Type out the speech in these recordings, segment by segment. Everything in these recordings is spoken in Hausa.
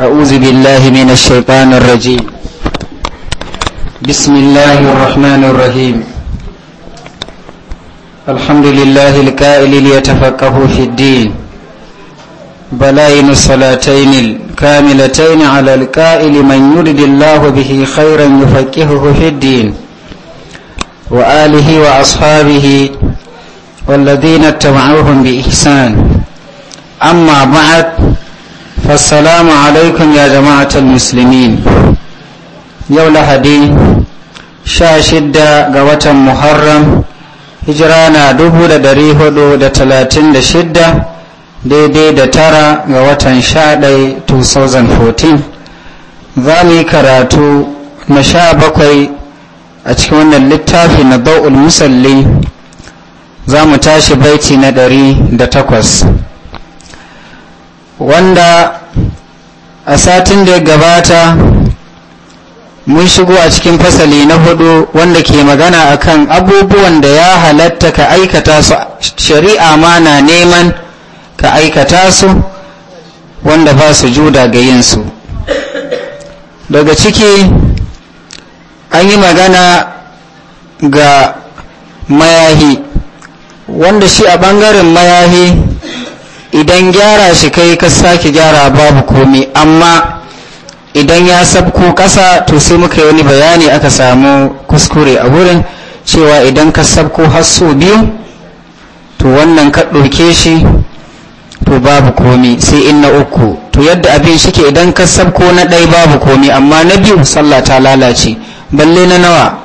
أعوذ بالله من الشيطان الرجيم بسم الله الرحمن الرحيم الحمد لله الكائل ليتفقه في الدين بلاين الصلاتين الكاملتين على الكائل من يرد الله به خيرا يفكهه في الدين وآله وأصحابه والذين اتبعوهم بإحسان أما بعد والسلام عليكم يا جماعة المسلمين يوم لحدي شاشدة قوة محرم هجرانا دبو دريه دا تلاتين دا شدة daidai da tara ga watan sha ɗai 2014 za mu yi karatu na sha bakwai a cikin wannan littafi na ba'ul musalli za mu tashi baiti na ɗari da takwas wanda a satin da ya gabata mun shigo a cikin fasali na hudu wanda ke magana akan abubuwan da ya halatta ka aikata su shari'a ma na neman ka aikata su wanda ba su juda ga yinsu daga ciki an yi magana ga mayahi wanda shi a ɓangaren mayahi idan gyara shi kai ka sake gyara babu komi amma idan ya sabko kasa to sai muka yi wani bayani aka samu kuskure a wurin cewa idan ka sabko har so biyu to wannan ka ɗauke shi to babu komi sai in na uku to yadda abin shike idan ka sabko na ɗaya babu komi amma na biyu sallah ta lalace balle na nawa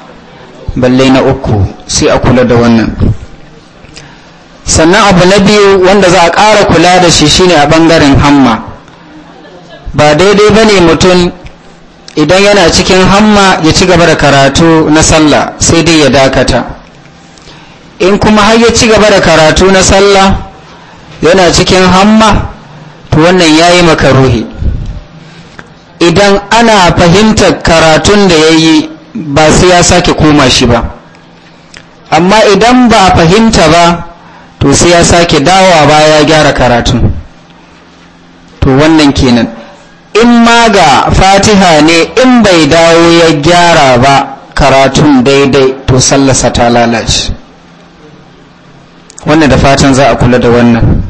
balle na uku sai a kula da wannan sannan abu na biyu wanda za a ƙara kula da shi shine a ɓangaren hamma ba daidai ba ne mutum idan yana cikin hamma ya ci gaba da karatu na sallah sai dai ya dakata in kuma har ya ci gaba da karatu na sallah yana cikin hamma to wannan ya yi makaruhi idan ana fahimtar karatun da ya yi ba sai ya sake koma shi ba amma idan ba a fahimta ba to sai ya sake dawowa baya ya gyara karatun to wannan kenan in ma ga fatiha ne in bai dawo ya gyara ba karatun daidai to sallasa ta lalace wannan da fatan za a kula da wannan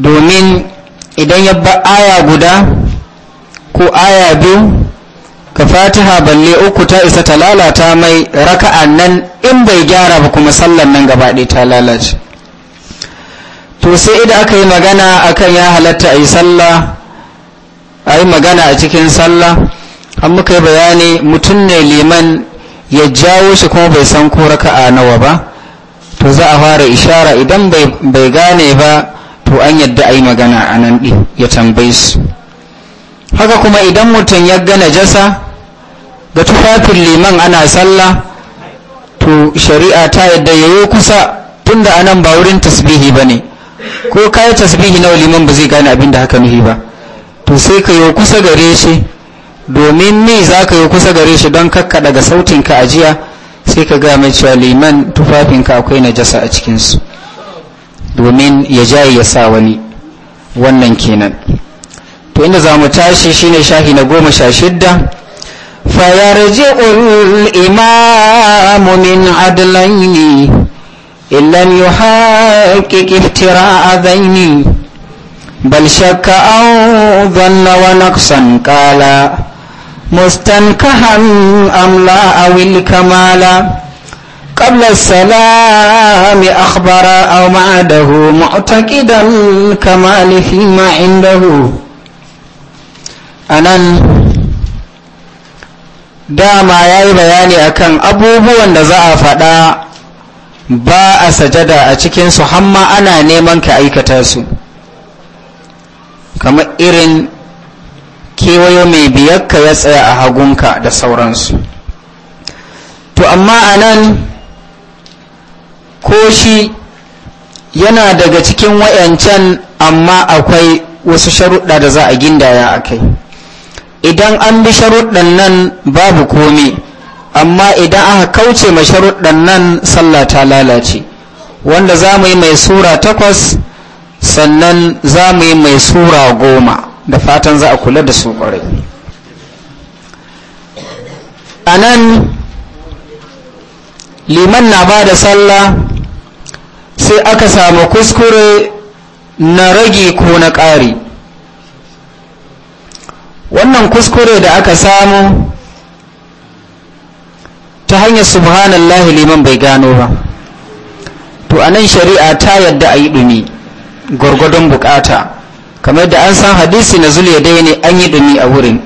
domin idan ya ba aya guda ko aya biyu da fatiha balle uku ta isa ta lalata mai raka'an nan in bai gyara ba kuma sallan nan gaba ɗaya ta lalace to sai idan aka yi magana akan ya halatta a yi sallah a yi magana a cikin sallah an muka yi bayani mutum ne liman ya jawo shi kuma bai san ko raka'a nawa ba to za a fara ishara idan bai gane ba to an yadda a magana a nan ya tambaye su haka kuma idan mutum ya gana jasa ga tufafin liman ana sallah to shari'a ta yadda yayo kusa tunda anan ba wurin tasbihi ba ko kai tasbihi nawa liman ba zai gane abin da haka nuhi ba to sai ka yi kusa gare shi domin me za ka yi kusa gare shi don kakka daga sautinka a jiya sai ka gaya mai cewa liman tufafinka akwai najasa a cikinsu domin ya jaye ya sa wani wannan kenan to inda za mu tashi shine shahi na goma sha shidda فيرجع الإمام من عدلين إن لم يحقق افتراء ذين بل شك أو ظن ونقصا قال مستنكها أم لا أو الكمال قبل السلام أخبر أو معده معتقدا الكمال فيما عنده أنا dama ya yi bayani akan abubuwan da za a faɗa ba a sajada a cikinsu hamma ana neman ka aikata su kamar irin kewayo mai biyakka ya tsaya a hagunka da sauransu to amma a nan ko shi yana daga cikin wayancan amma akwai wasu sharuɗa da za a gindaya a kai idan an bi sharuɗan nan babu komi amma idan aka kauce ma sharuɗan nan sallah ta lalace wanda za mu yi mai sura takwas sannan za mu yi mai sura goma da fatan za a kula da su ƙwarai a nan liman na ba da sallah sai aka samu kuskure na ragi ko na ƙari wannan kuskure da aka samu ta hanyar subhanallah liman bai gano ba to a nan shari'a ta yadda a yi dumi gwargwadon bukata kamar da an san hadisi na zuliya dai ne an yi dumi a wurin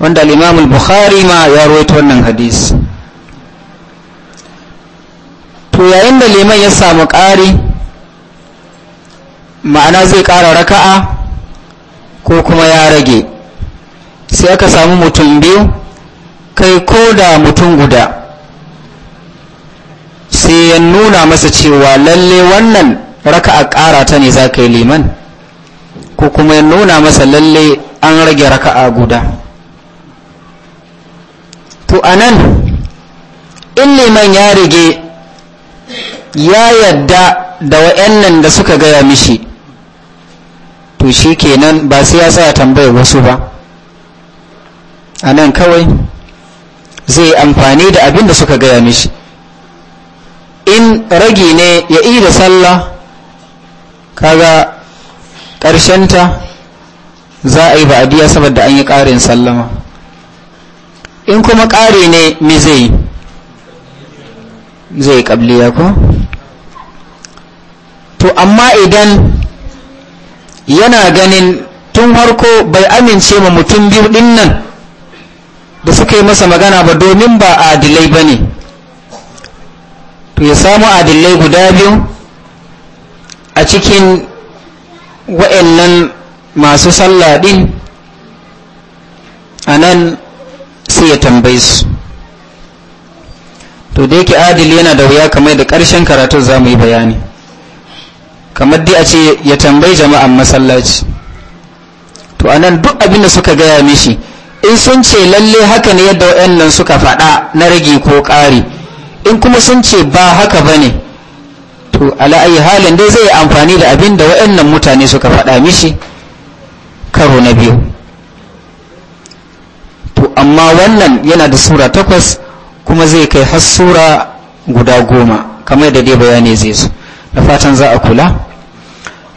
wanda limamul bukhari ma ya rawaito wannan hadisi to yayin da liman ya samu ƙari ma'ana zai ƙara raka'a ko kuma ya rage sai aka samu mutum biyu kai ko da mutum guda sai ya nuna masa cewa lalle wannan raka a ƙara ta ne za ka yi liman ko kuma ya nuna masa lalle an rage raka a guda to a nan in liman ya rige ya yadda da wa'annan da suka gaya mishi to shi kenan ba sai ya tsaya tambayar wasu ba a nan kawai zai amfani da abin da suka gaya mishi in ragi ne ya yi da sallah kaga ta za a yi ba'adiyya saboda an yi ƙarin sallama in kuma ƙari ne mi zai zai ƙabliya ko to amma idan yana ganin tun harko bai amince ma mutum biyu dinnan nan masa magana ba domin ba adilai ba ne to ya samu adilai guda biyu a cikin wa'annan masu sallah a nan sai ya tambaye su to da yake adil yana da wuya kamar da karshen karatu za mu yi bayani kamar dai a ce ya tambayi jama'an masallaci to anan duk abin da suka gaya mishi in sun ce lalle haka ne yadda waɗannan suka faɗa na rage ko ƙari in kuma sun ce ba haka ba ne to ala'ayi halin dai zai amfani da abin da waɗannan mutane suka faɗa mishi karo na biyu to amma wannan yana da sura takwas kuma zai kai har sura guda goma kamar da dai bayani zai su da fatan za a kula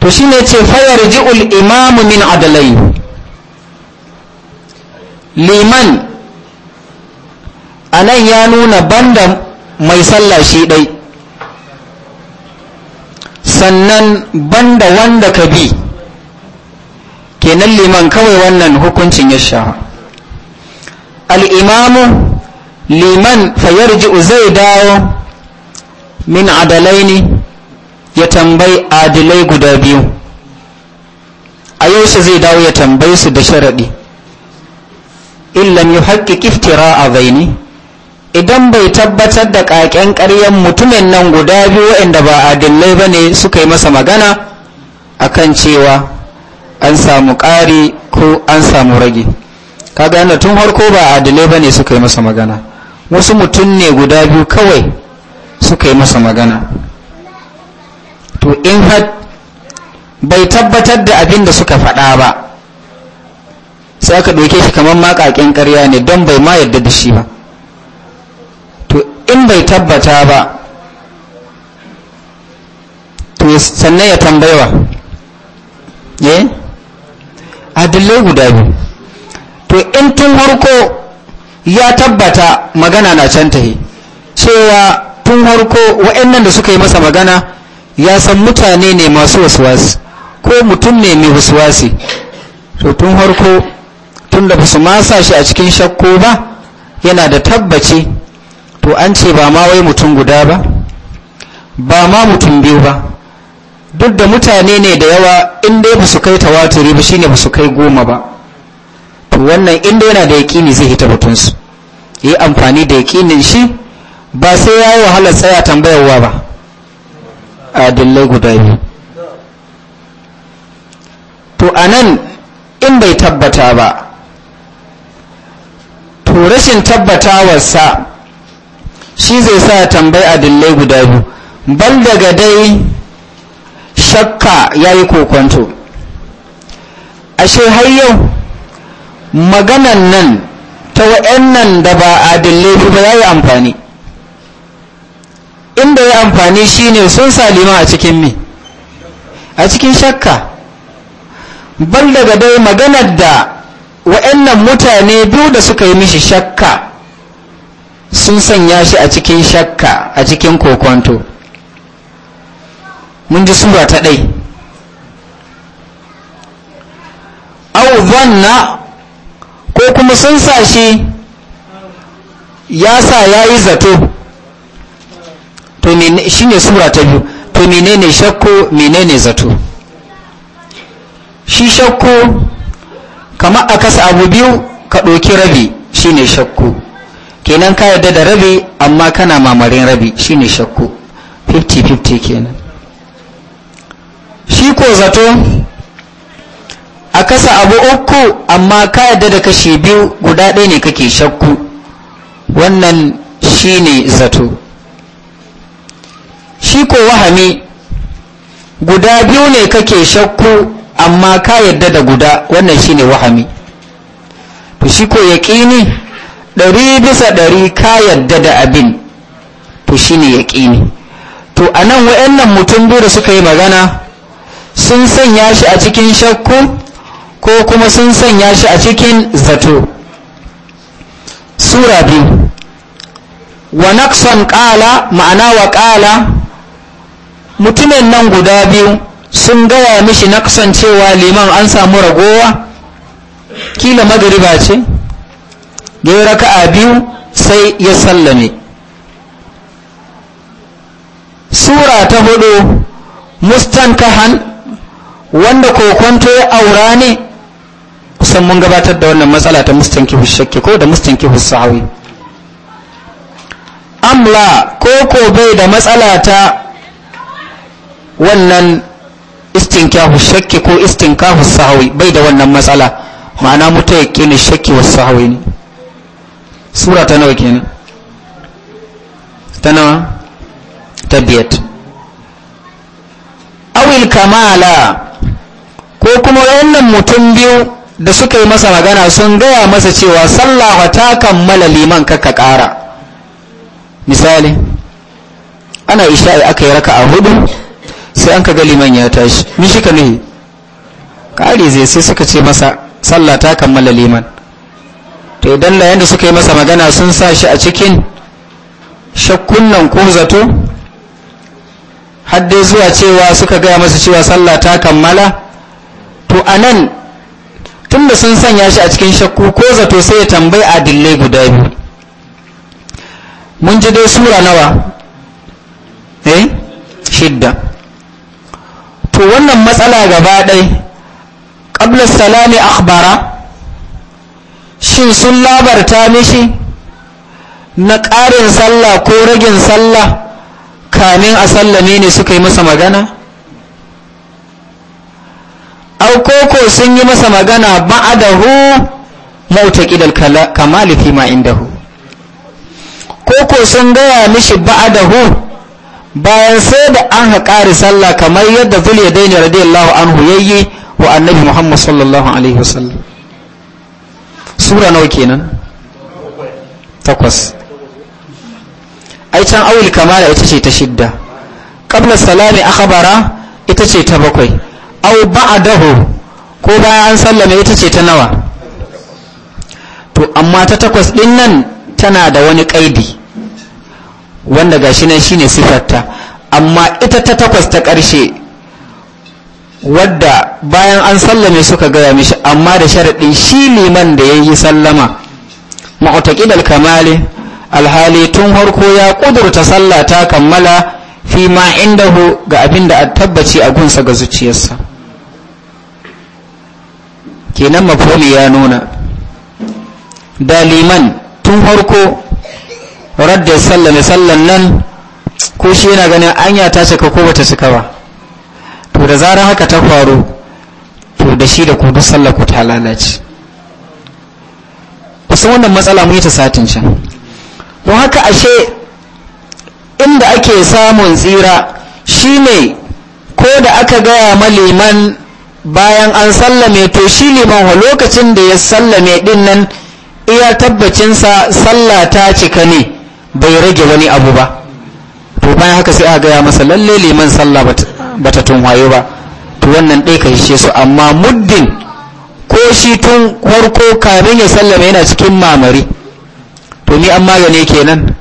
to shine ce fayar ji'ul imamu min adalai liman a nan ya nuna banda mai sallah shi ɗai sannan banda wanda ka bi kenan liman kawai wannan hukuncin ya sha al'imamu liman fayarji'u zai dawo min adalai ne ya tambayi adilai guda biyu a yau shi zai dawo ya tambayi su da sharaɗi illam yuhaqqiq a zaini idan bai tabbatar da ƙaƙen ƙaryan mutumin nan guda biyu waɗanda ba adillai ba ne suka yi masa magana A kan cewa an samu ƙari ko an samu rage kaga yana tun harko ba adilai ba ne suka yi masa magana wasu mutum ne guda biyu kawai suka yi masa magana to in har bai tabbatar da abin da suka faɗa ba sai aka ɗauke shi kamar maƙaƙen ƙarya ne don bai ma yarda da shi ba to in bai tabbata ba to sannan ya tambaiwa ye eh? adillai guda biyu to in tun harko ya tabbata magana na can tahi cewa tun harko wa'annan da suka yi masa magana ya san mutane ne masu wasuwasi ko mutum ne mai wasuwasi to tun harko tunda ba su ma sa shi a cikin shakko ba yana da tabbaci to an ce ba ma wai mutum guda ba ba ma mutum biyu ba duk da mutane ne da yawa in dai ba su kai tawaturi ba shine ba su kai goma ba to wannan in dai yana da yaƙini zai hita batunsu yi amfani da yaƙinin shi ba sai ya yi wahalar tsaya tambayarwa ba adillai guda biyu to anan in bai tabbata ba to rashin tabbatawarsa shi zai sa tambayi adillai guda biyu bal daga dai shakka ya yi kokonto ashe har yau maganan nan ta wa'annan da ba adillai fi ba ya yi amfani inda ya amfani shine sun salima a cikin mi a cikin shakka bal daga dai maganar da wa'annan mutane biyu da suka yi mishi shakka sun sanya shi a cikin shakka a cikin kokonto mun ji sura ta ɗai au zanna ko kuma sun sa shi ya sa ya yi zato shi ne sura ta biyu to menene shakko menene zato shi shakko kamar a kasa abu biyu ka ɗauki rabi shine shakku kenan ka yarda da rabi amma kana mamarin rabi shine shakku 50-50 kenan shi ko zato a kasa abu uku amma ka yarda da kashe biyu guda ɗaya ne kake shakku wannan shine zato shi ko wahami guda biyu ne kake shakku amma ka yadda da guda wannan shine wahami to shi ko yaqini dari bisa dari ka yadda da abin to shine yaqini to anan wayannan mutum biyu da suka yi magana sun sanya shi a cikin shakku ko kuma sun sanya shi a cikin zato sura biyu wa naqsan qala ma'ana wa qala mutumin nan guda biyu sun gaya mishi na kasancewa liman an samu ragowa kila magariba ce da ya a biyu sai ya sallame sura ta hudu kahan wanda kokonto ya aura ne kusan mun gabatar da wannan matsala ta kifu shakki ko da kifu sa'awi amla ko ko bai da matsala ta wannan istinkahu shakki ko istinkahu sahawi bai da wannan matsala ma'ana mutu ya kini shakki wasu sahawi ne sura ta nawa kenan ta nawa ta biyat awil kamala ko kuma wannan mutum biyu da suka yi masa magana sun gaya masa cewa sallawa ta kammala liman kakka kara misali ana isha'i aka yi raka a hudu sai an ka ga liman ya tashi ni shi ka nuhi kare zai sai suka ce masa sallah ta kammala liman to idan la yanda suka yi masa magana sun sa shi a cikin shakkunan ko zato har dai zuwa cewa suka gaya masa cewa sallah ta kammala to a nan tun sun sanya shi a cikin shakku ko zato sai ya tambayi adillai guda biyu mun ji dai sura nawa eh shidda to wannan matsala gaba ɗai ƙablar salami akhbara shin sun labarta mishi na ƙarin sallah ko ragin sallah kamin a sallame ne suka yi masa magana aukoko sun yi masa magana da hu mauta ƙidal kamali fi ma hu koko sun gaya mishi da hu. bayan sai da an haƙari sallah kamar yadda zuliya daini radiyallahu anhu ya yi wa annabi muhammad sallallahu alaihi wasallam sura nawa kenan takwas ai can awul kamala ita ce ta shidda qabla salami akhbara ita ce ta bakwai aw ba'dahu ko bayan an sallame ita ce ta nawa to amma ta takwas din nan tana da wani kaidi wanda gashi nan shine sifarta amma ita ta takwas ta ƙarshe wadda bayan an sallame suka gaya mishi amma da sharaɗi shi liman da ya yi sallama ma'utaƙid alkamali alhali tun harko ya ƙudurta sallah ta kammala fi ma indahu ga abin da a tabbaci a gunsa ga zuciyarsa kenan mafoli ya nuna da liman tun harko radda sallame sallan nan ko shi yana ganin anya ta cika ko bata cika ba to da zarar haka ta faru to da shi da ku duk sallar ku ta lalace kusan wannan matsala mun yi ta satin can don haka ashe inda ake samun tsira shine ko da aka gaya maliman bayan an sallame to shi liman wa lokacin da ya sallame din nan iya tabbacinsa sallah ta cika ne bai rage wani abu ba to bayan haka sai aka gaya masa lalle liman sallah bata tunwaye ba to wannan ɗai ka hishe su amma muddin ko shi tun farko kamin ya sallama yana cikin mamari to ni an magane kenan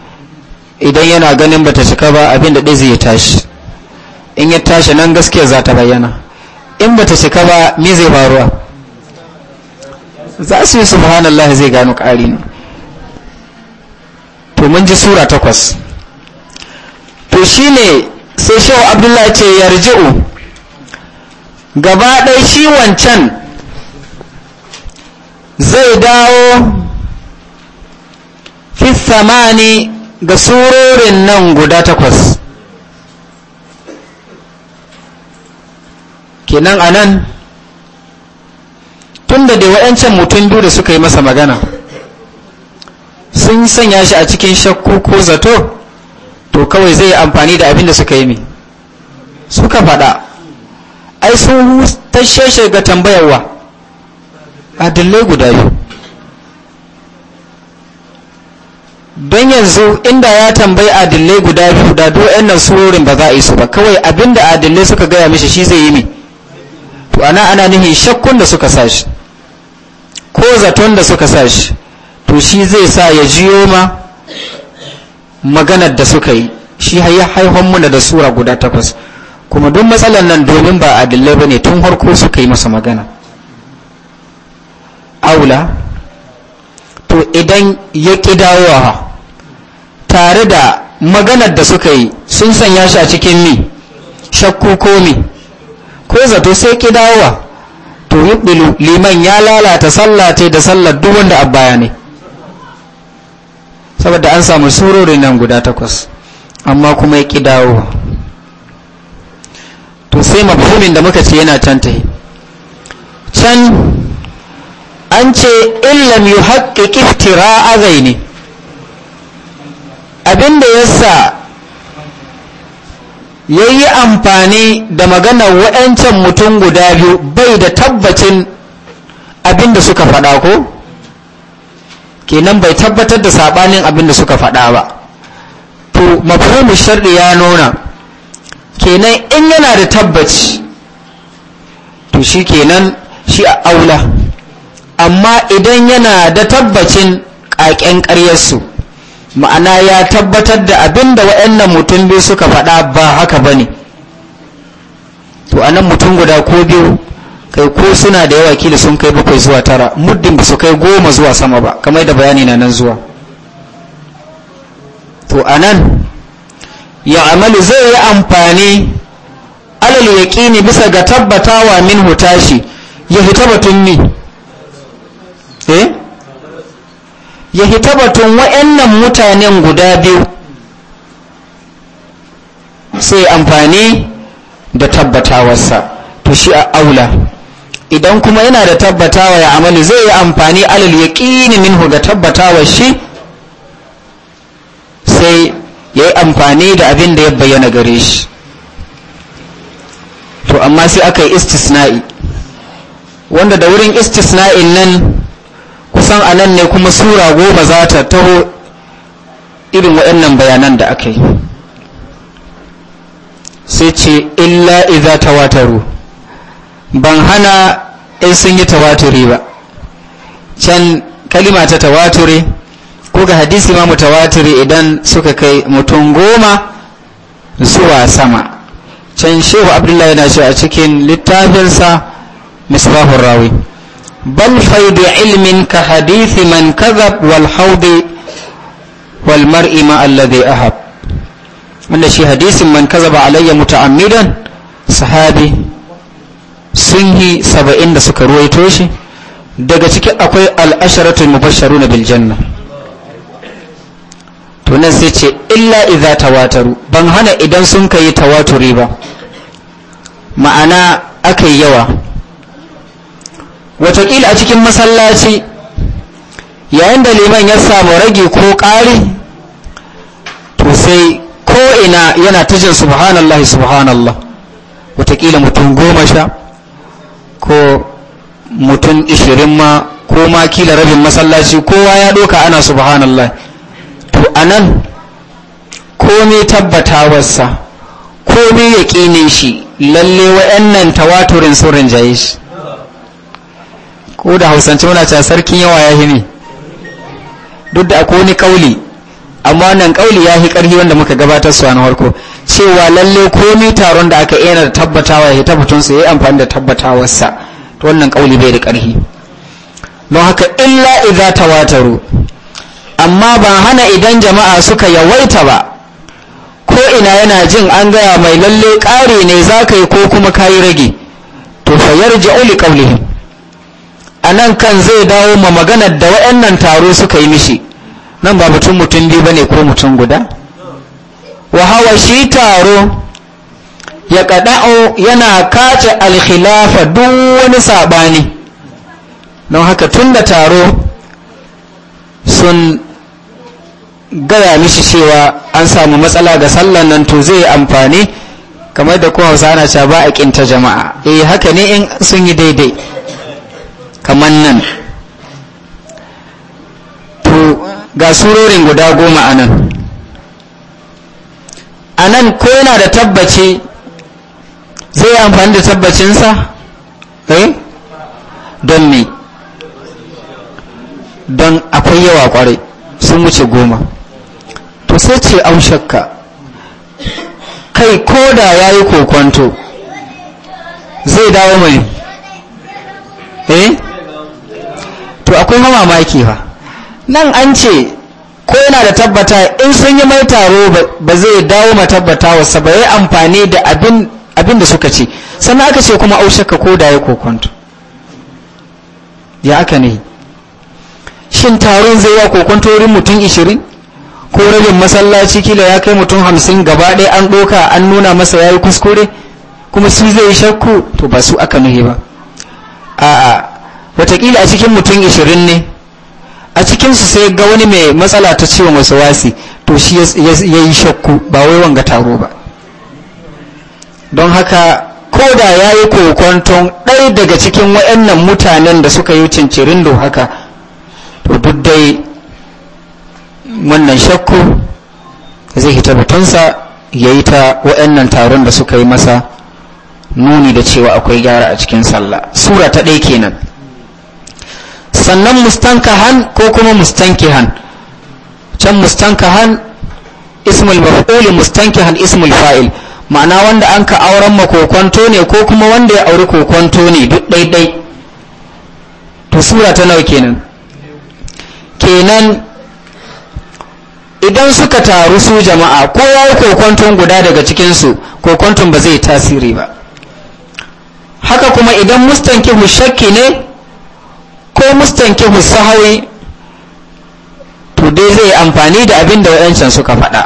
idan yana ganin bata cika ba abin da ɗai zai tashi in ya tashi nan gaskiya za ta bayyana in bata cika ba me zai faruwa za su yi subhanallah zai gano ƙari ne to mun ji sura takwas to shi ne sai shawo abdullahi ce yarji'u gaba shi wancan zai dawo fi samani ga surorin nan guda takwas kenan anan tun da dai waɗancan mutum biyu da suka yi masa magana sun sanya shi a cikin shakku ko zato to kawai zai amfani da abin da suka yi mi suka faɗa ai sun tashe shi ga tambayarwa adillai guda biyu don yanzu inda ya tambayi adillai guda biyu da yan nan surorin ba za a yi su ba kawai abin da adillai suka gaya mishi shi zai yi mi to ana ana nihin shakkun da suka sashi ko zaton da suka sashi to shi zai sa ya jiyo ma maganar da suka yi shi ya haihon muna da sura guda takwas kuma duk matsalar nan domin ba adillai ba ne tun harko suka yi masa magana aula to idan ya dawowa tare da maganar da suka yi sun sanya shi a cikin mi shakku ko mi ko zato sai kidawa to yi liman ya lalata sallate da sallar duk wanda abaya ne saboda an samu surorin nan guda takwas amma kuma ya ƙi dawo to sai mafumin da muka ce yana can ta can an ce illam yu haƙƙi ƙiftira azai ne abinda ya sa ya yi amfani da maganar waɗancan mutum guda biyu bai da tabbacin abinda suka faɗa ko? kenan bai tabbatar da sabanin abin da suka faɗa ba to mafhumin sharri ya nuna kenan in yana da tabbaci to shi kenan shi a aula amma idan yana da tabbacin ƙaƙen ƙaryarsu ma'ana ya tabbatar da abin da waɗannan mutum biyu suka faɗa ba haka ba ne to anan mutum guda ko biyu kai ko suna da yawa kila sun kai bakwai zuwa tara muddin ba su kai goma zuwa sama ba kamar da bayani na nan zuwa to anan ya amalu zai yi amfani alal bisa ga tabbatawa min hutashi ya hita ni eh ya hita batun waɗannan mutanen guda biyu sai amfani da tabbatawarsa to shi a aula idan kuma yana da tabbatawa ya amali zai yi amfani alal yaqini minhu da tabbatawa shi sai ya yi amfani da abin da ya bayyana gare shi to amma sai aka yi istisna'i wanda da wurin istisna'in nan kusan a ne kuma sura goma za ta taho irin waɗannan bayanan da aka yi sai ce illa iza tawataru ban hana in sun yi tawaturi ba can kalima ta tawaturi ko ga hadisi ma mu tawaturi idan suka kai mutum goma zuwa sama can shehu abdullahi yana shi a cikin littafinsa misbahun rawi bal faidu ilmin ka hadisi man kazab wal haudi wal mar'i ma alladhi ahab wanda shi hadisin man kazaba alayya muta'ammidan sahabi sun yi saba'in da suka ruwaito shi daga ciki akwai al'asharatu mubasharu na biljanna to nan sai ce illa idza tawataru ban hana idan sun kai tawaturi ba ma'ana aka yi yawa watakila a cikin masallaci yayin da liman ya samu rage ko ƙari to sai ko ina yana ta jin subhanallah subhanallah watakila mutum goma sha ko mutum ishirin ma ko ma kila rabin masallaci kowa ya doka ana subhanallah to anan komai tabbatawarsa komai ya ƙine shi lalle wa'annan tawaturin sun jaye shi ko da hausance muna cewa sarkin yawa ya ne duk da akwai wani kauli amma wannan kauli ya fi ƙarfi wanda muka gabatar su a na farko cewa lalle komi taron da aka yana da tabbatawa ya tabbatunsa ya yi amfani da tabbatawarsa to wannan kauli bai da ƙarfi don haka illa idza tawataru amma ba hana idan jama'a suka yawaita ba ko ina yana jin an gaya mai lalle kare ne za ka yi ko kuma ka yi rage to fa yarji'u li qawlihi anan kan zai dawo ma maganar da waɗannan taro suka yi mishi nan ba mutum mutum biyu bane ko mutum guda wa hawa shi taro ya kaɗa'o yana kace alkhilafa duk wani sabani. don haka tun da taro sun gaya mishi cewa an samu matsala ga sallan nan to zai amfani kamar da kuma hausa ana cewa ba a kinta jama'a eh haka ne in sun yi daidai kamar nan to ga surorin guda goma a nan a nan ko yana da tabbaci zai amfani da tabbacinsa eh don me don akwai yawa kwarai sun wuce goma to sai ce au shakka kai da ya yi kokonto zai dawo mai eh to akwai mamaki ba nan an ce ko yana da tabbata in sun yi mai taro ba zai dawo matabbata wasa ba ya amfani da abin da suka ce sannan aka ce kuma aushaka ko da ya kokonto ya aka ne shin taron zai ya kokonto wurin mutum ishirin ko rabin masallaci kila ya kai mutum hamsin gaba ɗaya an ɗoka an nuna masa ya yi kuskure kuma su zai shakku to ba su aka nuhi ba a'a watakila a cikin mutum ishirin ne a cikinsu sai ga wani mai matsala ta cewa masu wasi to shi ya yi shakku ba wai wanga taro ba don haka ko da ya yi kokonton ɗaya daga cikin waɗannan mutanen da suka yi cincirin do haka to duk dai wannan shakku zai hita batunsa ya yi ta waɗannan taron da suka yi masa nuni da cewa akwai gyara a cikin sallah sura ta ɗaya kenan sannan mustankahan ko kuma mustankihan can mustankahan ismul mustanki mustankihan ismul fa'il ma'ana wanda an ka auren makokonto ne ko kuma wanda ya auri kokonto ne duk daidai. to sura ta nawa kenan kenan idan suka taru su jama'a ko kowa kokonton guda daga cikinsu kokonton ba zai tasiri ba haka kuma idan mustankihu shakki ne ko mustanke sahawi to dai zai amfani da abin da waɗancan suka faɗa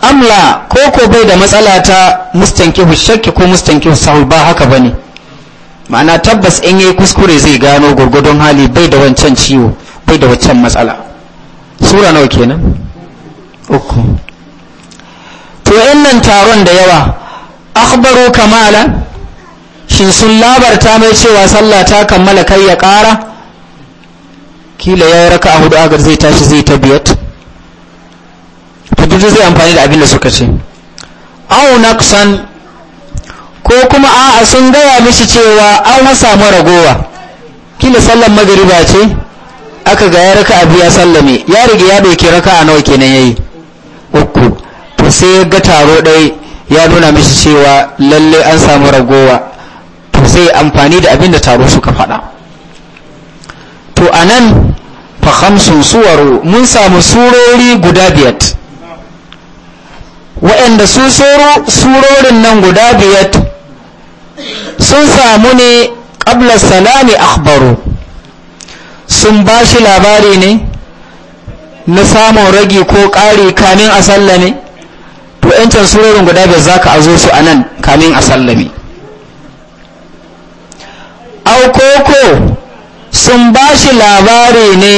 amla ko ko bai da matsala ta mustanke shakki ko mustanke sahawi ba haka bane ma'ana tabbas in yayi kuskure zai gano gurgudun hali bai da wancan ciwo bai da wancan matsala sura nawa kenan uku to nan taron da yawa akhbaru kamala shin sun labarta mai cewa sallah ta kammala kai ya kara. kila ya yi raka a hudu agar zai tashi zai ta biyat tuntun zai amfani da abin da suka ce na kusan. ko kuma a'a sun gaya mishi cewa an samu ragowa kila sallan magariba ce aka ga ya raka abu ya sallame ya rige ya doke raka a nawa kenan ya yi. uku to sai ya ga taro ɗai ya nuna mishi cewa lalle an samu ragowa to sai amfani da abin da taro suka faɗa to a nan fahamsun suwaru mun samu surori guda biyat waɗanda su surorin nan guda biyat sun samu ne ƙabla salami akhbaru sun ba shi labari ne na samun ragi ko ƙari kamin a sallame to 'yancan surorin guda biyar za ka azo su a nan kamin a sallame aukoko sun ba shi labari ne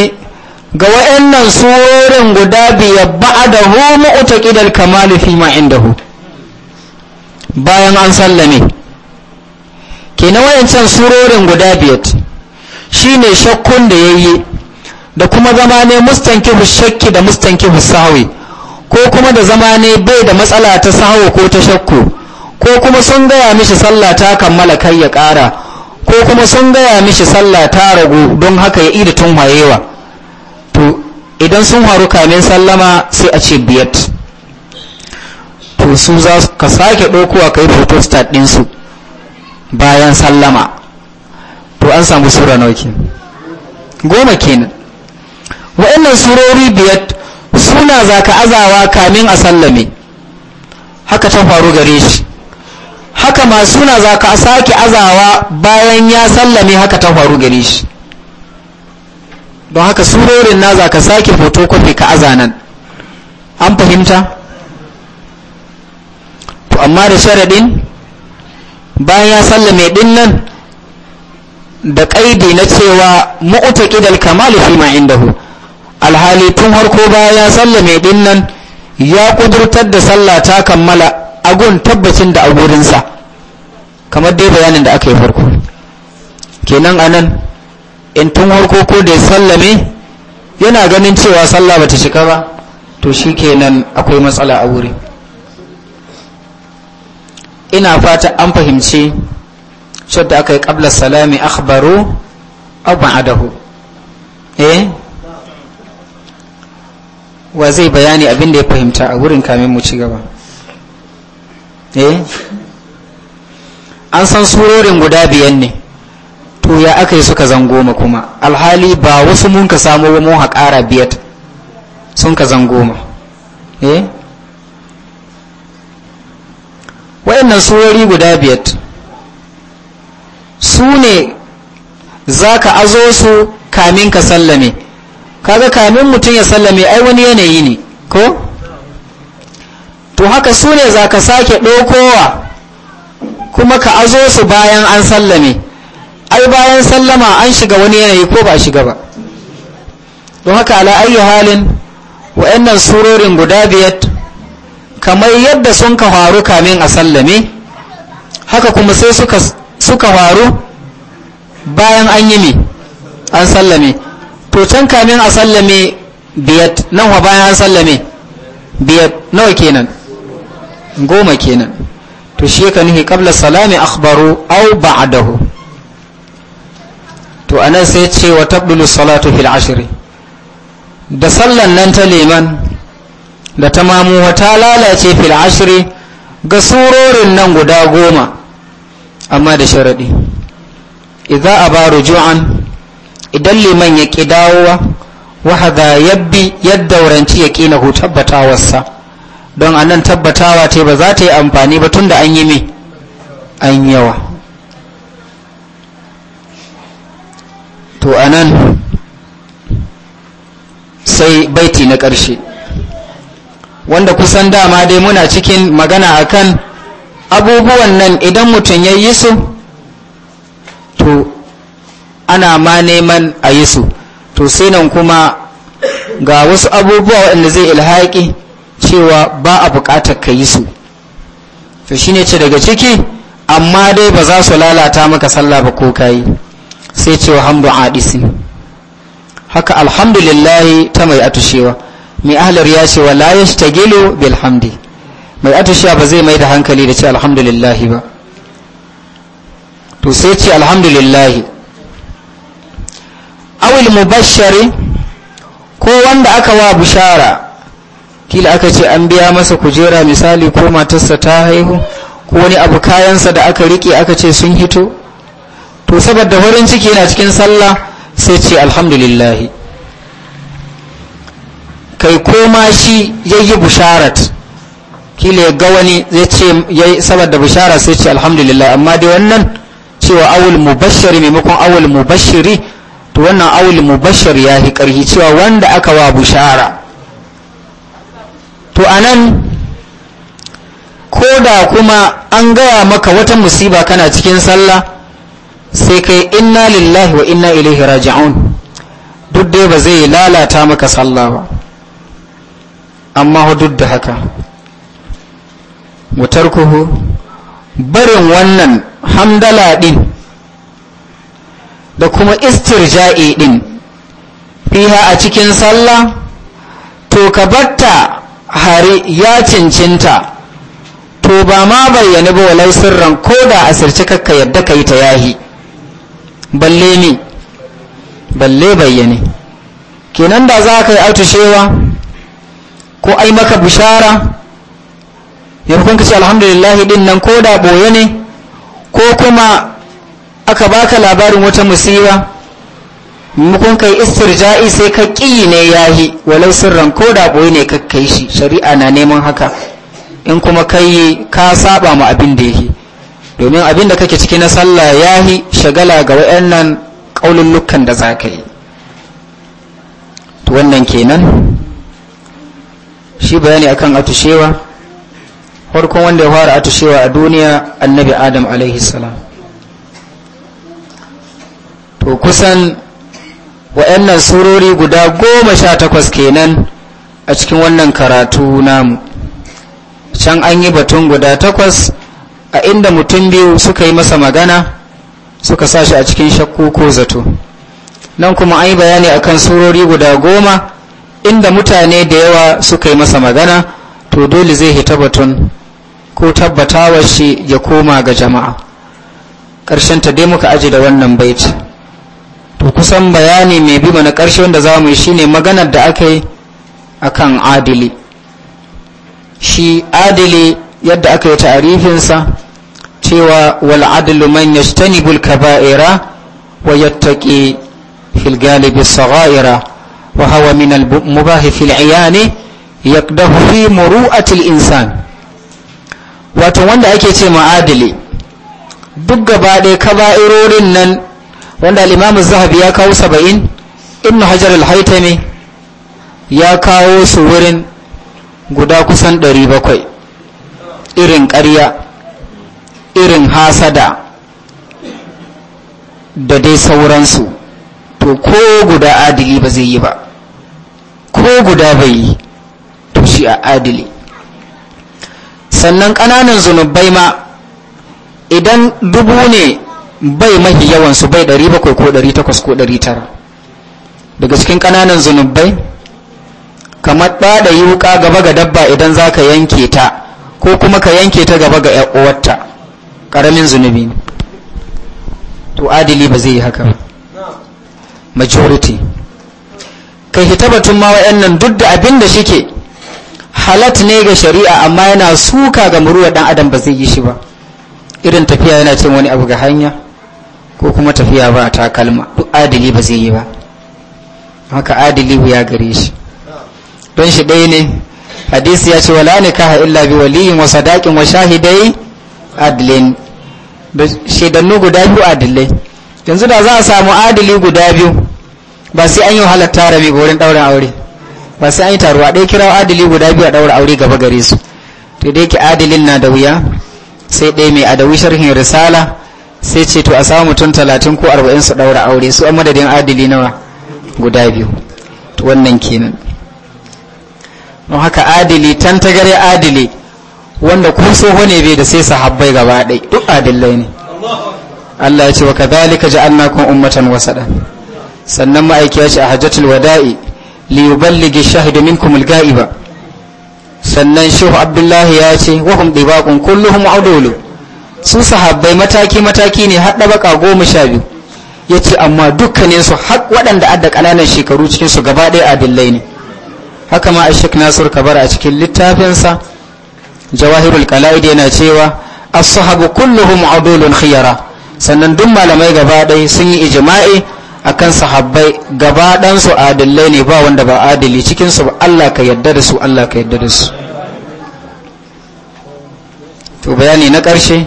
ga wa'annan surorin guda biyar ma'uta ƙidar kamali fi da hu bayan an sallame wayan wayancan surorin guda biyar ne shakkun da ya yi da kuma zama ne mustankihu shakki da mustankihu sahwi ko kuma da zama ne bai da matsala ta sahwi ko ta shakku ko kuma sun gaya mishi sallah ta kammala kai ya ƙara ko kuma sun gaya mishi sallah ta ragu don haka ya ida tun wayewa to idan sun haru kamin sallama sai a ce biyat to su za ka sake ɗaukowa ka yi protestant ɗinsu bayan sallama to an samu sura nauki goma kenan wa'annan surori biyat suna za ka azawa kamin a sallame haka ta faru gare shi haka masuna za ka sake azawa bayan ya sallame haka ta faru gare shi don haka surorin na za ka sake fotokofi ka azanan an fahimta to amma da sharaɗin bayan ya sallame ɗin nan da ƙaidi na cewa ma'uta ƙidal kamal fi ma hu alhali tun harko bayan ya sallame ɗin nan ya kudurtar da sallah ta kammala agun tabbacin da a gurinsa kamar dai bayanin da aka yi farko kenan anan in tun warko ko da sallame yana ganin cewa sallah bata shika ba to shi kenan akwai matsala a wuri ina fata an fahimci shadda aka yi ƙablar salami akhbaru aw ba'adahu eh wa zai bayani abin da ya fahimta a wurin kamin mu ci gaba eh an san surorin guda biyan ne to ya aka yi suka zan goma kuma alhali ba wasu mun ka samu mu haƙara biyat sun ka zan goma eh waɗannan surori guda biyat su ne za ka azo su kamin ka sallame kaga kamin mutum ya sallame ai wani yanayi ne ko to haka su ne za ka sake ɗaukowa kuma ka azo su bayan an sallame ai bayan sallama an shiga wani yanayi ko ba shiga ba don haka ala ayyu halin wa'annan surorin guda biyar kamar yadda sun ka faru kamin a sallame haka kuma sai suka suka faru bayan an yi ne an sallame to can kamin a sallame biyar nan wa bayan an sallame biyar nawa kenan goma kenan to shi ka nufi kabla salami akhbaru aw ba'dahu to anan sai ce wa tabdulu salatu fil ashri da sallan nan ta liman da ta mamuwa ta lalace fil ashri ga surorin nan guda goma amma da sharaɗi idza aba ruju'an idan liman ya ƙi dawowa ya yabbi yadda wuranci ya ƙina hu don a nan tabbatawa ce ba za ta yi amfani ba tun da an yi mi an yawa to a nan sai baiti na ƙarshe wanda kusan dama dai muna cikin magana akan abubuwan nan idan mutum ya yi su to ana ma neman a yi su to sai nan kuma ga wasu abubuwa waɗanda zai ilhaƙi cewa ba a buƙatar ka yi su to ne ce daga ciki amma dai ba za su lalata maka sallah ba ko kayi sai cewa hamdu adisin haka alhamdulillahi ta mai atushewa mai ahlar ya ce wa la ta gilo bilhamdi mai atushewa ba zai mai da hankali da ce alhamdulillahi ba to sai ce alhamdulillahi awil mubashari ko wanda aka wa bushara kila aka ce an biya masa kujera misali ko matarsa ta haihu ko wani abu kayansa da aka rike aka ce sun hito to saboda farin ciki yana cikin sallah sai ce alhamdulillah kai koma shi yi busharat kila ya ga wani zai ce yayi saboda bushara sai ce alhamdulillah amma dai wannan cewa awul mubashshiri maimakon awul mubashshiri to wannan awul ya yi karhi cewa wanda aka wa bushara to a nan ko da kuma an gaya maka wata musiba kana cikin sallah sai kai inna lillahi wa inna ilaihi raji'un duk dai ba zai lalata maka sallah ba amma duk da haka mutarkuhu barin wannan hamdala din da kuma istirja'i din fiha a cikin sallah to ka batta hari ya cincinta to ba ma bayyana ba walai sirran ko da asirce kakka yadda ka yi ta yahi balle ne balle bayyane kenan da za ka yi autushewa ko ai maka bishara ya kuka ce alhamdulillahi din nan ko da boye ne ko kuma aka baka labarin wata musiba mukun kai istirja'i sai ka ƙi ne yahi walau sirran ko da boye ne ka kai shi shari'a na neman haka in kuma kai ka saba mu abin da yake domin abin da kake ciki na sallah yahi shagala ga wayannan kaulullukan da za ka yi to wannan kenan shi bayani akan atushewa farkon wanda ya fara atushewa a duniya annabi adam alaihi salam to kusan wa'annan surori guda goma sha takwas kenan a cikin wannan karatu namu can an yi batun guda takwas a inda mutum biyu suka yi masa magana suka sashi a cikin shakku ko zato nan kuma an yi bayani a kan surori guda goma inda mutane da yawa suka yi masa magana to dole zai hita batun ko tabbatawar shi ya koma ga jama'a ƙarshen ta dai muka aji da wannan baiti to kusan bayani mai bi na ƙarshe wanda za mu yi shine maganar da aka yi akan adili shi adili yadda aka yi ta'arifinsa cewa wal adlu man yajtanibu al kaba'ira wa yattaqi fil galibi saghaira wa hawa min al mubahi fil iyani yakdahu fi muru'ati al insan wato wanda ake ce ma adili duk gaba ɗaya kaba'irorin nan wanda al-imam zahabi ya kawo saba'in ibn hajar al-haitami ya kawo su wurin guda kusan 700 bakwai irin ƙarya irin hasada da dai sauransu to ko guda adili ba zai yi ba ko guda bai yi to shi a adili sannan ƙananan zunubai ma idan dubu ne bai mahi yawansu bai 700 ko 800 ko 900 daga cikin kananan zunubai kamar ɗaɗa yi wuƙa gaba ga dabba idan za ka yanke ta ko kuma ka yanke ta gaba ga uwarta ƙaramin zunubi to adili ba zai yi haka majority kai hita batun ma waɗannan duk da abin da shike halat ne ga shari'a amma yana suka ga muruwa dan adam ba zai yi shi ba irin tafiya yana cin wani abu ga hanya ko kuma tafiya ba takalma duk adili ba zai yi ba haka adili ya gare shi don shi ɗaya ne hadisi ya ce wala nikaha illa bi waliyin wa sadaqin wa shahidai adlin da shaidannu guda biyu adilai yanzu da za a samu adili guda biyu ba sai an yi halatta rabi ga wurin ɗaurin aure ba sai an yi taruwa ɗaya kirawo adili guda biyu a ɗaura aure gaba gare su to dai ke adilin na da wuya sai ɗaya mai adawi sharhin risala sai ce to a samu mutum talatin ko arba'in su ɗaura aure su a madadin adili nawa guda biyu wannan kenan don haka adili tantagare adili wanda ko tsoho ne bai da sai sahabbai gaba ɗai duk adillai ne Allah ya ce wa ka ji an ummatan wasada sannan ma'aiki ya ce a hajjatul wada'i li yuballighi shahidu minkum al-ga'iba sannan shehu abdullahi ya ce wa hum dibaqun kulluhum adulu su sahabbai mataki-mataki ne har ɗabaka goma sha biyu ya ce amma dukkanin su har waɗanda adda ƙananan shekaru cikin su gaba ɗaya adillai ne haka ma ashik nasur kabar a cikin littafinsa jawahirul kala'id yana cewa as-sahabu kulluhum adulun khiyara sannan duk malamai gaba ɗaya sun yi ijma'i akan sahabbai gaba ɗan su adillai ne ba wanda ba adili cikin su Allah ka yarda da su Allah ka yarda da su to bayani na ƙarshe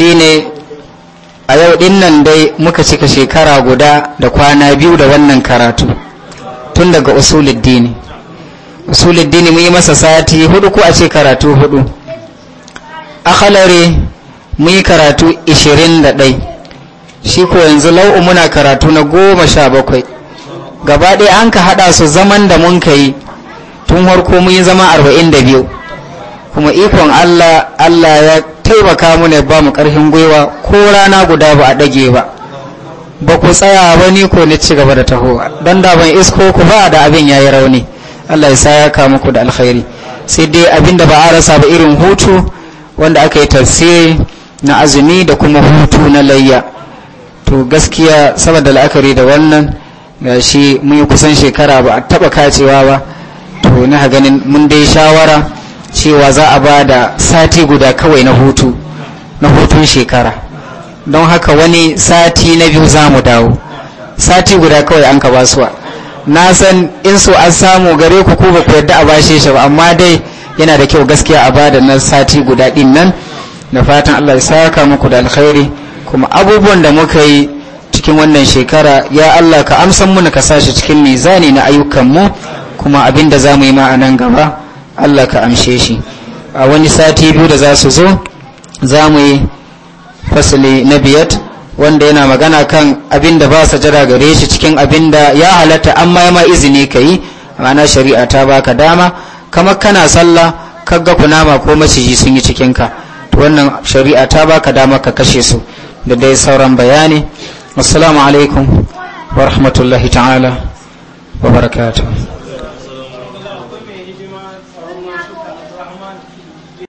shine a yau din nan dai muka cika shekara guda da kwana biyu da wannan karatu tun daga usuluddini usuluddini mun yi masa sati hudu ko a ce karatu hudu akhalare mun yi karatu 21 shi ko yanzu lau'u muna karatu na goma sha bakwai gaba ɗaya an ka haɗa su zaman da mun ka yi tun harko mun yi zama 42 kuma ikon allah allah ya taimaka mu ne ba mu ƙarfin gwiwa ko rana guda ba a ɗage ba ba ku tsaya ba ni ko ni ci gaba da tahowa don da ban isko ku ba da abin ya yi rauni allah ya sa ya kama ku da alkhairi sai dai abin da ba a rasa ba irin hutu wanda aka yi tafsiri na azumi da kuma hutu na layya to gaskiya saboda la'akari da wannan ga shi mun yi kusan shekara ba a taɓa kacewa ba to na ganin mun dai shawara cewa za a ba da sati guda kawai na hutu na hutun shekara don haka wani sati na biyu za mu dawo sati guda kawai an ka basuwa na san in so an samu gare ku ko ba ku yadda a bashe shi ba amma dai yana da kyau gaskiya a ba da nan sati guda din nan da fatan Allah ya saka muku da alkhairi kuma abubuwan da muka yi cikin wannan shekara ya Allah ka amsan muna ka sashi cikin mizani na ayyukan mu kuma abinda za mu yi ma a nan gaba Allah ka amshe shi a wani sati biyu da za su zo za mu yi fasali na biyat wanda yana magana kan abin da ba jira gare shi cikin abin da ya halatta an ma ma izini ka yi ma'ana shari'a ta baka dama kamar kana sallah ka kaga kunama ko maciji sun yi cikinka to wannan shari'a ta baka dama ka kashe su da dai sauran bayani assalamu alaikum wa rahmatullahi ta'ala wa barakatuh